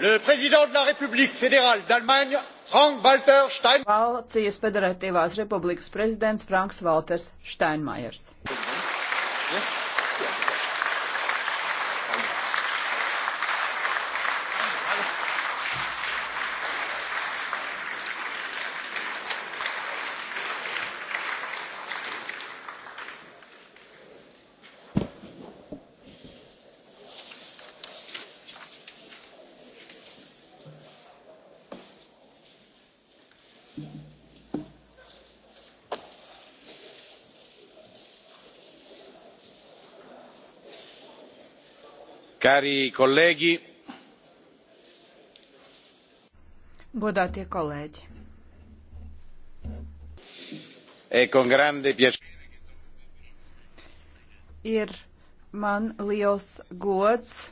Le président de la République fédérale d'Allemagne, Frank Walter Stein. Vācijas Federatīvās Republikas prezidents Franks Walters Steinmeiers. Ja? Ja? Cari colleghi, godātie kolēģi, e con grande piacere. Ir man liels gods e,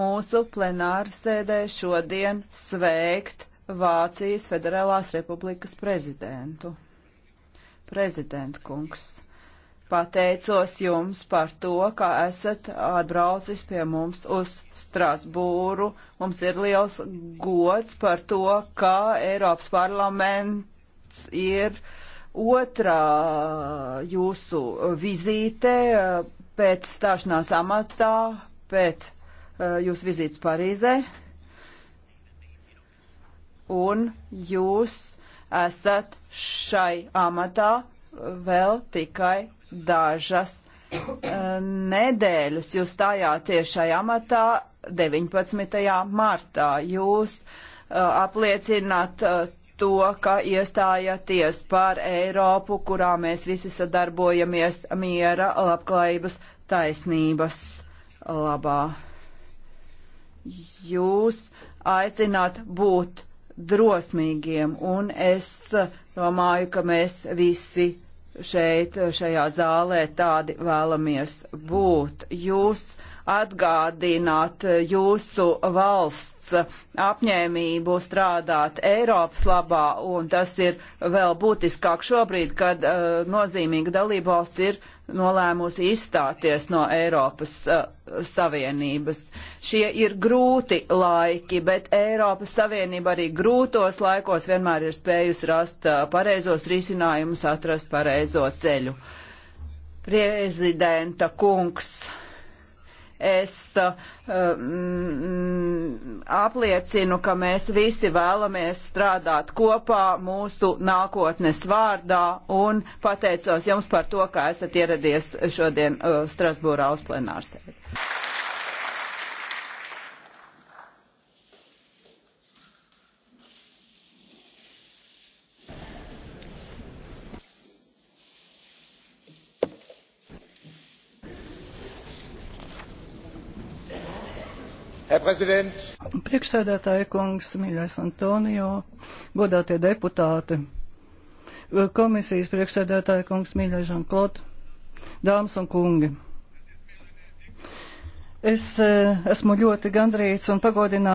mūsu plenārsēdē šodien sveikt Vācijas Federālās Republikas prezidentu. Prezidentkungs. kungs pateicos jums par to, ka esat atbraucis pie mums uz Strasbūru. Mums ir liels gods par to, ka Eiropas parlaments ir otrā jūsu vizīte pēc stāšanās amatā, pēc eh, jūsu vizītes Parīzē. Un jūs esat šai amatā vēl tikai dažas eh, nedēļas jūs stājāties šajā amatā 19. martā. Jūs eh, apliecināt eh, to, ka iestājaties par Eiropu, kurā mēs visi sadarbojamies miera, labklājības, taisnības labā. Jūs aicināt būt drosmīgiem, un es domāju, ka mēs visi šeit, šajā zālē, tādi vēlamies būt. Jūs uh, atgādināt jūsu valsts apņēmību strādāt Eiropas labā, un tas ir vēl būtiskāk šobrīd, kad uh, nozīmīga dalībvalsts ir nolēmusi izstāties no Eiropas uh, Savienības. Šie ir grūti laiki, bet Eiropas Savienība arī grūtos laikos vienmēr ir spējusi rast uh, pareizos risinājumus, atrast pareizo ceļu. Prezidenta kungs Es um, apliecinu, ka mēs visi vēlamies strādāt kopā mūsu nākotnes vārdā un pateicos jums par to, ka esat ieradies šodien uh, Strasbūrā uz plenārsēdi. Priekšsēdētāja kungs, mīļais Antonio, godātie deputāti, komisijas priekšsēdētāja kungs, mīļais Žanklot, dāmas un kungi. Es eh, esmu ļoti gandrīts un pagodināts.